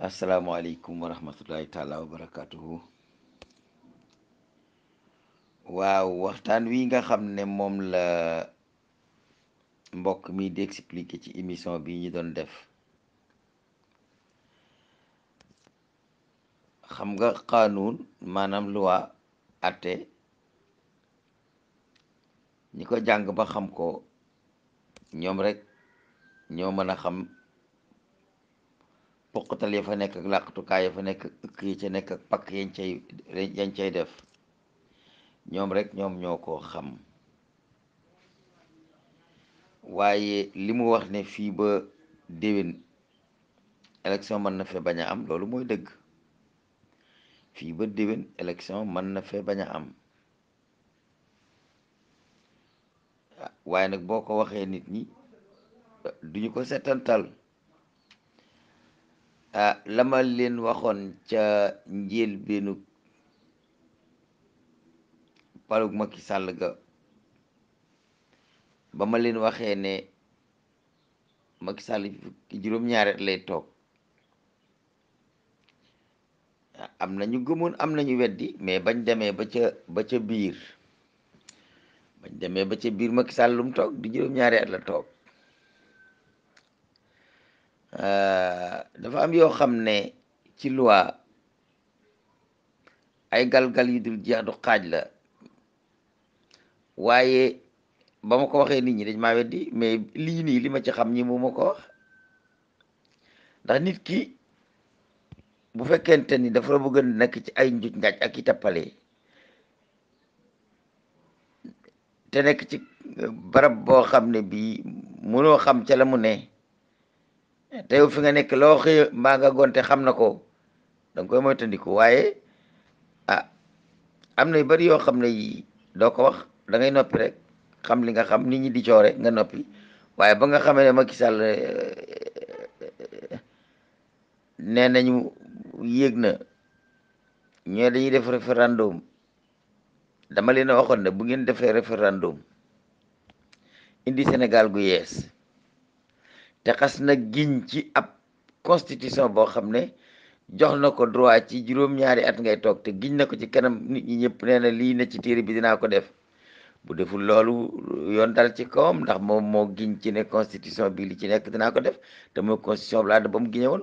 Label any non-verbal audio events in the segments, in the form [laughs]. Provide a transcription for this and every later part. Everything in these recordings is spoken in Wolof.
asalaamaaleykum wa rahmatullahi taala wa waaw waxtaan wi nga xam ne moom la mbokk mi di expliqué ci émission bi ñu doon def xam nga xaanuun maanaam luwa ate ñi ko jàng ba xam ko ñoom rek ñoo mën a xam poqatal ya fa nekk ak làqatukaay ya fa nekk ak ëkk yi ca nekk ak pakk yañ cay yañ cay def ñoom rek ñoom ñoo ko xam waaye li mu wax ne fii ba déwén élection mën na fee bañ a am loolu mooy dëgg fii ba déwén élection mën na fee bañ a am waaye nag boo ko waxee nit ñi duñu ko setantal Ah, la ma leen waxoon ca njël beenu palug Macky Sall ga ba leen waxee ne Macky Sall ki juróom-ñaari at lay toog ah, am na ñu gëmoon am na ñu weddi mais bañ demee ba ca ba ca biir bañ demee ba ca biir Macky Sall lu mu toog di juróom-ñaari at la toog. Ah, dafa am yoo xam ne ci loi ay galgal yu dul jeex du xaaj la waaye ba ma ko waxee nit ñi dañ maa weddi mais lii nii li ma ci xam ñi mu ma ko wax ndax nit ki bu fekkente ni dafa la bëgg a nekk ci ay njuj ngaaj ak i tappale te nekk ci barab boo xam ne bii mënoo xam ca la mu ne teew fi nga nekk loo xëy mbaa gonte xam na ko danga koy moytandiku waaye ah am na yu bari yoo xam ne yii doo ko wax dangay noppi rek xam li nga xam ni ñi di coore nga noppi waaye ba nga xamee ne Macky Sall eh, nee nañu yéeg na ñoo dañuy def référendum dama leen a waxoon ne bu ngeen defee référendum indi senegal gu yees te xas na giñ ci ab constitution boo xam ne jox na ko droit ci juróom-ñaari at ngay toog te giñ na ko ci kanam nit ñi ñëpp nee na lii ne ci téere bi dinaa ko def bu deful loolu yoon dal ci kawam ndax moom moo giñ ci ne constitution bi li ci nekk dinaa ko def te mooy constitution bi laa ba mu giñewoon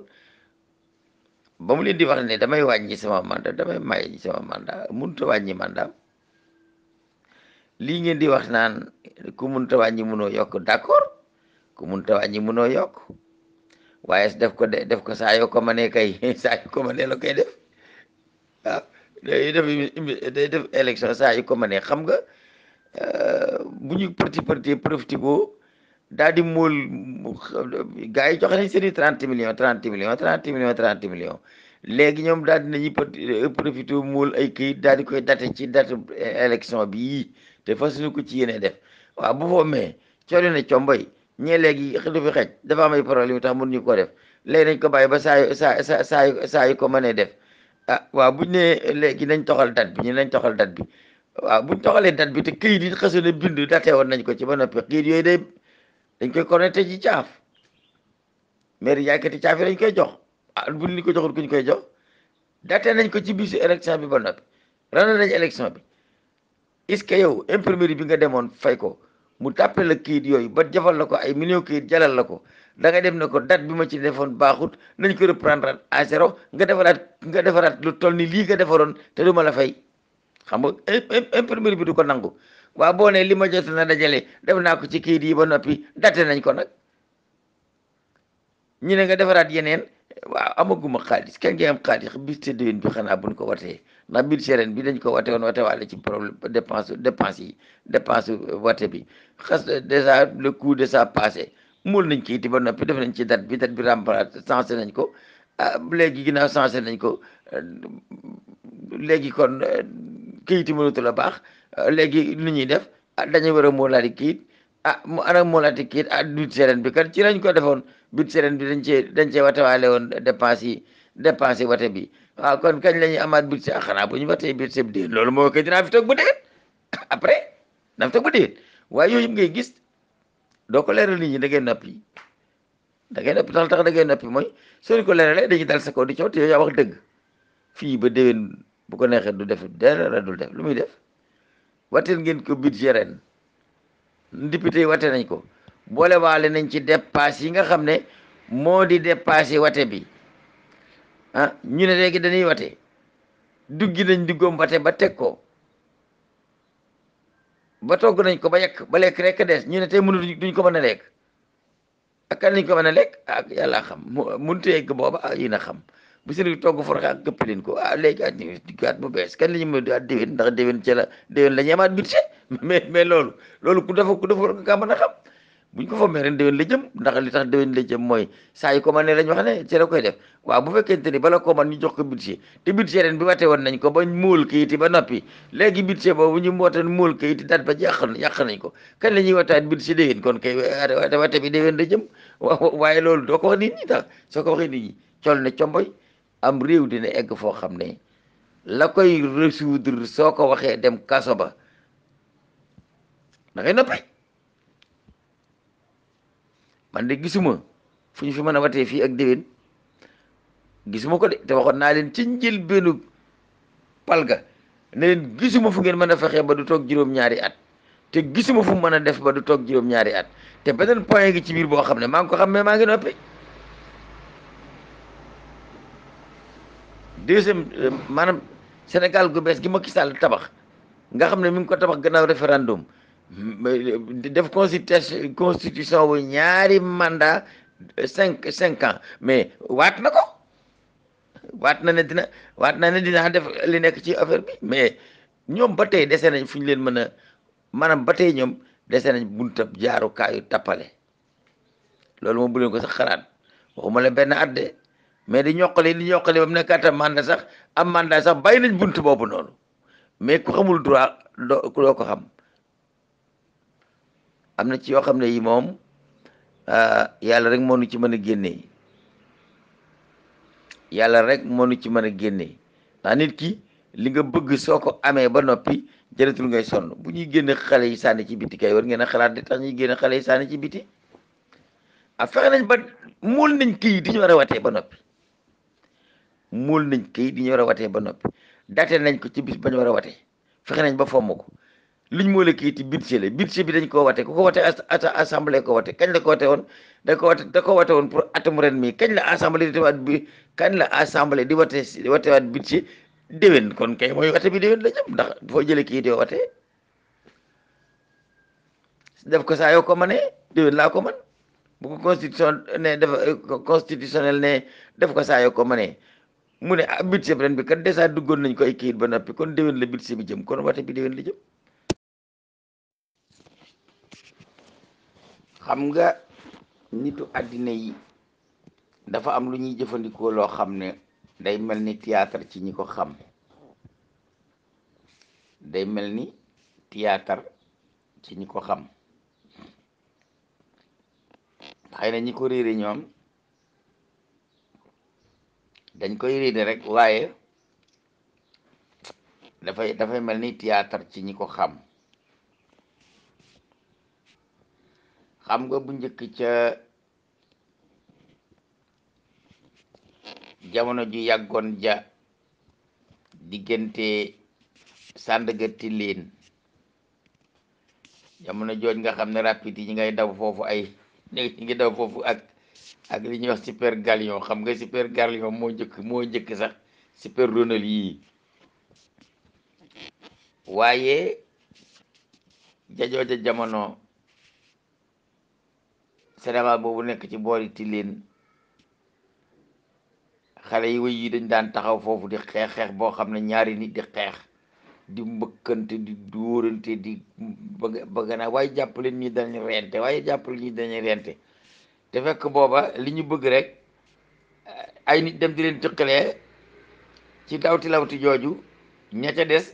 ba mu leen di wax ne damay wàññi sama mandat damay may sama mandat mënut a wàññi mandat lii ngeen di wax naan ku mënut a wàññi mënoo yokk d'accord ku munta wàññi munoo yokk waaye def ko de def ko saa yoo ko mënee kay [laughs] saa yu ko mënee la koy def waaw day def day def élection saa yu ko mënee xam nga euh, bu ñu parti parti profitigo daal di mool gaa yi jox nañ seeni trente millions trente millions trente millions trente millions ñoom daal di nañu euh, profité mool ay këyit daal di koy date ci date élection bi te fasuñu ko ci yéene def waaw bu foomee coole comboy ñee léegi lu fi xej dafa am ay problème yu tax mënuñu ko def léegi nañ ko bàyyi ba saa saa saa saa saa yu ko mënee def ah waaw buñ ne léegi nañ toxal date bi ñi nañ toxal date bi waaw buñ toxalee date bi te këyit yi xasu ne bind date woon nañ ko ci ba noppi këyit yooyu day dañ koy connecté ci caaf mairie yaaykati caaf yi dañ koy jox a ah, buñ li ko joxul kuñ koy jox date nañ ko ci bisu élection bi ba noppi ran nañ élection bi est-ce que yow imprimerie bi nga demoon fay ko mu tàppe la kayit yooyu ba jafal la ko ay million kayit jalal la ko da ngay dem ne ko date bi ma ci defoon baaxut nañ ko reprendre à zéro nga defaraat nga defaraat lu toll ni lii nga defaroon te du ma la fay xam nga imprimerie bi du ko nangu waa boo ne li ma jot na dajale def naa ko ci kayit yi ba noppi date nañ ko nag ñu ne nga defaraat yeneen waa amaguma xaalis kenn nga am xaalis bis te déwén bi xanaa buñ ko watee ndax budget ren bi dañ ko wate woon wate waale ci problème dépense dépense yi dépense wate bi xas déjà le coût de ça passé muul nañ kii ti ba noppi def nañ ci dat bi date bi remplacé sensé nañ ko ah léegi ginnaaw sensé nañ ko léegi kon kayit yi mënatu la baax léegi lu ñuy def a ah, dañu war a moolaati kayit ah mu ana moolaati kayit a ah, budget ren bi kat ci lañ ko defoon budget ren bi dañ cee dañ cee watewaale woon dépense yi dépensé wate bi waaw kon kañ la ñuy amaat budget ah xanaa bu ñu watee budget bi loolu moo ko dinaa fi toog bu déen [coughs] après naa fi toog bu waaye yooyu yëpp ngay gis doo ko leeral nit ñi da ngay noppi da ngay noppi tax tax da ngay noppi mooy soo ko leeralee dañuy dal sa kaw di coow te yow yaa wax dëgg fii ba déwén bu ko neexee du def dara dul def lu muy def wateel ngeen ko budget ren député yi wate nañ ko boolewaale nañ ci dépasse yi nga xam ne moo di dépassé wate bi ah ñu ne léegi dañuy wate duggi nañ diggoom wate ba teg ko ba togg nañ ko ba yekk ba lekk rekk des ñu ne tey mënu duñ ko mën a lekk ak kan lañ ko mën a lekk ak ah, yàlla xam mënut a yegg booba ah yéen a xam bu seen togg forxa ak këpp leen ko ah léegi at diggaat bu bees kan la ñu mën a déwén ndax déwén ca la déwén la ñu amaat [laughs] mais mais loolu loolu ku dafa ku dafa war nga mën a xam buñ ko fommee ren déwén la jëm ndax li tax déwén la jëm mooy saa yu ko man ne wax ne ci la koy def waaw bu fekkente ni bala ko man ñu jox ko budget te budget ren bi wate woon nañ ko ba móol kayiti ba noppi léegi budget boobu ñu mootoon móol kayiti daat ba yàq yàq nañ ko kan la ñuy wataat budget déwén kon kay wate bi déwén la jëm waaye loolu doo ko wax nit ñi soo ko waxee nit ñi col ne comboy am réew dina egg foo xam ne la koy résoudre soo ko waxee dem kaso ba da ngay man de gisuma fu ñu fi mën a watee fii ak déwén gisuma ko de te waxoon naa leen ci njëlbeenu palga ne leen gisuma fu ngeen mën a fexe ba du toog juróom-ñaari at te gisuma fu mën a def ba du toog juróom at te beneen point gi ci biir boo xam ne maa ngi ko xam mais maa ngi noppi deuxième euh, maanaam Sénégal gu bees gi Macky Sall tabax nga xam ne mi ngi ko tabax gannaaw référendum Mm, def constitution constitution bu ñaari manda cinq cinq ans mais waat na ko waat na ne dina waat na ne dina def li nekk ci affaire bi mais ñoom ba tey dese nañ fu ñu leen mën a maanaam ba tey ñoom dese nañ buntab jaarukaayu tappale loolu moom bu ko sax xalaat waxuma la benn at de mais di ñoqale di ñoqale ba mu nekk atam mandat sax am mandat sax bàyyi nañ bunt boobu noonu mais ku xamul droit doo doo ko xam am na ci yoo xam ne yi moom ah, yàlla rek moo nu ci mën a génnee yàlla rek moo nu ci mën a génnee ndax nit ki li nga bëgg soo ko amee ba noppi jëratul ngay sonn bu ñuy génne xale yi sànni ci biti kay war ngeen a xalaat di tax ñuy génne xale yi sànni ci biti a ah, fexe nañ ba muul nañ kayit di ñu war a watee ba noppi muul nañ kayit di ñu war ba noppi date nañ ko ci bis ba ñu war a watee fexe nañ ba fomm liñ moo la kayiti budget la budget bi dañ koo wate ku ko wate ata assemblée ko wate kañ la ko wate woon da ko wate da ko wate woon pour atum ren mii kañ la assemblée di waat bi kañ la assemblée di wate di wate waat budget kon kay mooy wate bi déwén la jëm ndax foo jële kayit yoo wate def ko saa yoo ko mënee déwén laa ko mën bu ko constitution ne def constitutionnel ne def ko saa yoo ko mënee mu ne ah budget ren bi kat déjà duggoon nañ ko ay kayit ba noppi kon déwén la budget bi jëm kon wate bi déwén la jëm xam nga nitu àddina yi dafa am lu ñuy jëfandikoo loo xam ne day mel ni théâtre ci ñi ko xam day mel ni théâtre ci ñi ko xam xëy na ñi ko réere ñoom dañ koy réere rek waaye dafay dafay mel ni théâtre ci ñi ko xam xam nga bu njëkk ca jamono ju yàggoon ja diggante Sandaga Tilleen jamono jooj nga xam ne rapide ñi ngay daw foofu ay ñi ngi daw foofu ak ak li ñuy wax super galion xam nga super galion moo njëkk moo njëkk sax super ronal yii waaye jajooja jamono Sénégal boobu nekk ci boori Tilène xale yi way yii dañ daan taxaw foofu di xeex xeex boo xam ne ñaari nit di xeex di mbëkkante di dóorante di bëgg naa waaye jàppale ñi dañu rente waaye jàppale ñi dañu rente te fekk booba li ñu bëgg rek eh, ay nit dem di leen tëqalee ci dawti lawti jooju ña ca des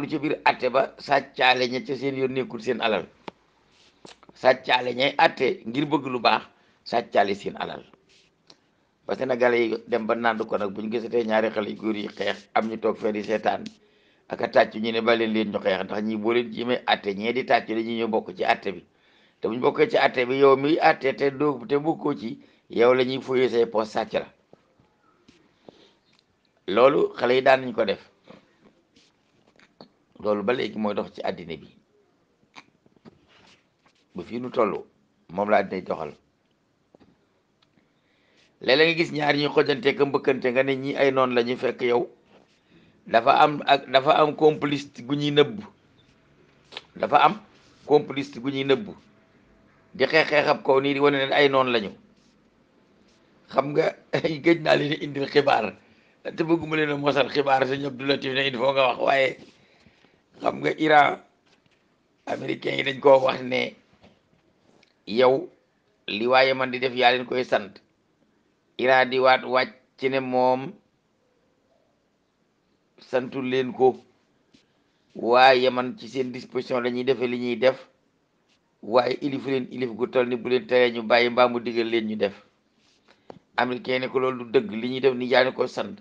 lu ci biir atte ba sàccaale ña ca seen yoon nekkul seen alal sàccaale ñay atte ngir bëgg lu baax sàccaale seen alal ba sénégalais yi dem ba nànd ko nag bu ñu gisatee ñaari xale yu góor xeex am ñu toog fee di seetaan ak a tàcc ñu ne ba leen leen ñu xeex ndax ñi boo leen ci may atte ñee di tàcc dañuy ñëw bokk ci atte bi te bu ñu bokkee ci atte bi yow miy atte te doo te bokkoo ci yow la ñuy fuyee say poos sàcc la loolu xale yi daan nañ ko def loolu ba léegi mooy dox ci àddina bi ba fii nu toll moom laa day doxal léeg nga gis ñaar ñuy xojante ka mbëkkante nga ne ñi ay noon la ñu fekk yow dafa am ak dafa am complice gu ñuy nëbb dafa am complice gu ñuy nëbb di xeex-xeex ab kaw nii di wane ne ay noon lañu xam nga géej [laughs] naa leen indil xibaar te bëgguma leen a mosal xibaar sëñ Abdou Latif ne il faut nga wax waaye xam nga Iran américain yi dañ koo wax ne yow li waaye man di def yaa leen koy sant iraadi waat wàcc ci ne moom santul leen ko waaye man ci seen disposition dañuy defee li ñuy def waaye ilif leen ilif gu toll ni bu leen teree ñu bàyyi mbaamu mu leen ñu def américain ne ko loolu du dëgg li ñuy def ni yaa leen ko sant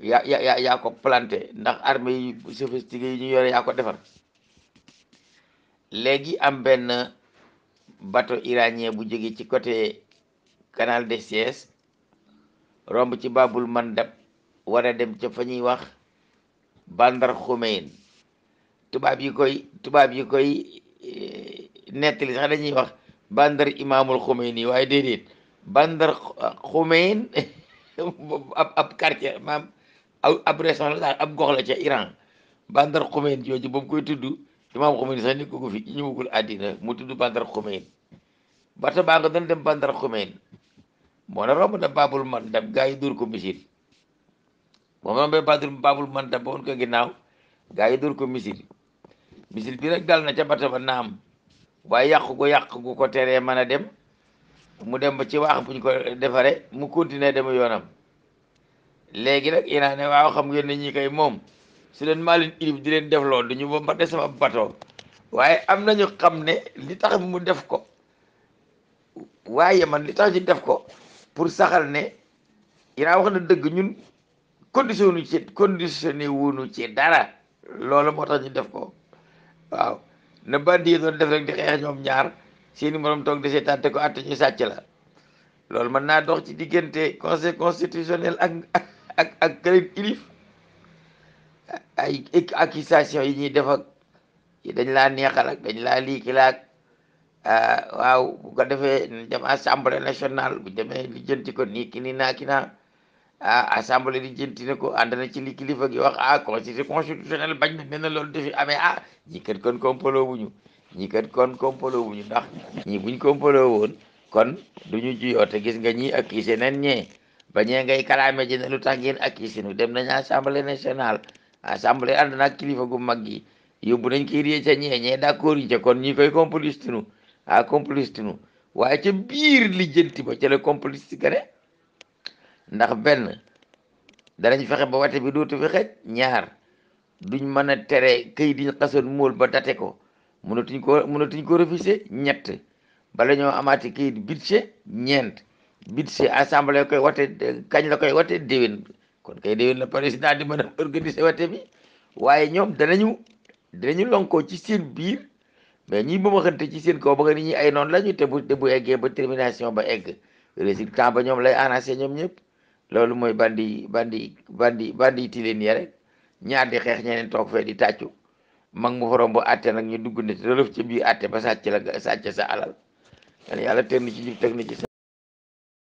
yaa yaa ko planté ndax armée yu sophistiqué yi ñu yore yaa ko defar léegi am benn bateau iranien bu jóge ci côté canal de Suez romb ci babul mandab war dem ca fa ñuy wax bandar xumeyn tubaab yi koy tubaab yi koy eh, nettali sax dañuy wax bandar imaamul xumeyn yi waaye déedéet bandar xumeyn [laughs] ab ab quartier maam ab région ab gox la ca Iran bandar xumeyn jooju ba koy tudd imaam ni sax nit ko ko fi ñëwagul àddina mu tudd Bandar Xumeyn bata baa nga doon dem Bandar Xumeyn moo na romb na Babul Mandab gaa yi dóor ko misil moom rombee Babul Mandab ba woon ko ginnaaw gaa yi dóor ko misil misil bi rek dal na ca bata ba naam waaye yàqu gu yàq gu ko teree mën a dem mu dem ba ci waax buñ ko defaree mu continuer dem yoonam léegi nag Iran ne waaw xam ngeen ne ñi koy moom su leen maa leen ilif di leen def loolu dañu bombardé sama bateau waaye am na nañu xam ne li tax mu def ko waaye man li tax ñu def ko pour saxal ne Iran wax na dëgg ñun conditionné ci conditionné wuñu ci dara loolu moo tax ñu def ko waaw na bandi yi doon def rek di xeex ñoom ñaar seeni morom toog di seetaan te ko àtte ñu sàcc la loolu mën naa dox ci diggante conseil constitutionnel ak ak ak kërin ilif ay accusation yi ñuy def ak dañ laa neexal ak dañ laa liikilaak a ah, bu ko defee dem assemblée nationale bu demee li ko nii ni naa ki naa ah, assemblée li jënti ne ko ànd na ci li kilifa gi wax ah bañ na ne na loolu defi amee ah ñi kat kon kompaloo bu ñu ñi kat kon kompaloo bu ñu ndax ñi buñ kompaloo woon kon duñu juyoo te gis nga ñi accusé nañ ñee bañee ngay kalaame ji ne lu tax ngeen accusé nu dem nañ assemblée nationale assemblée ànd naag kilifa gu mag yi yóbbu nañ koy rée ca ñee ñee d'accord yi ca kon ñi koy compliste nu ah compliste nu waaye ca biir lijjanti ba ca la compliste gane ndax benn danañ fexe ba wate bi dootu fi xej ñaar duñ mën a tere këyit diñ xasoon móol ba date ko mënatuñ ko mënatuñ ko refusé ñett bala ñoo amati këyit budget ñeent budget assemblée koy wate kañ la koy wate déwén kon kay déwén la président di mën a organiser wate bi waaye ñoom dana danañu danañu lonkoo ci seen biir mais ñi ma xante ci seen kaw ba nga ni ñi ay noon la ñu te bu te bu eggee ba termination ba egg résultat ba ñoom lay arrangé ñoom ñëpp loolu mooy bandi bandi bandi bandi tileen ya rek ñaar di xeex ñeeneen toog fee di tàccu mag mu forom bu àtte nag ñu dugg ne te dolof ci biir àtte ba sàcc la sàcc sa alal yàlla teg na ci jub teg na ci sa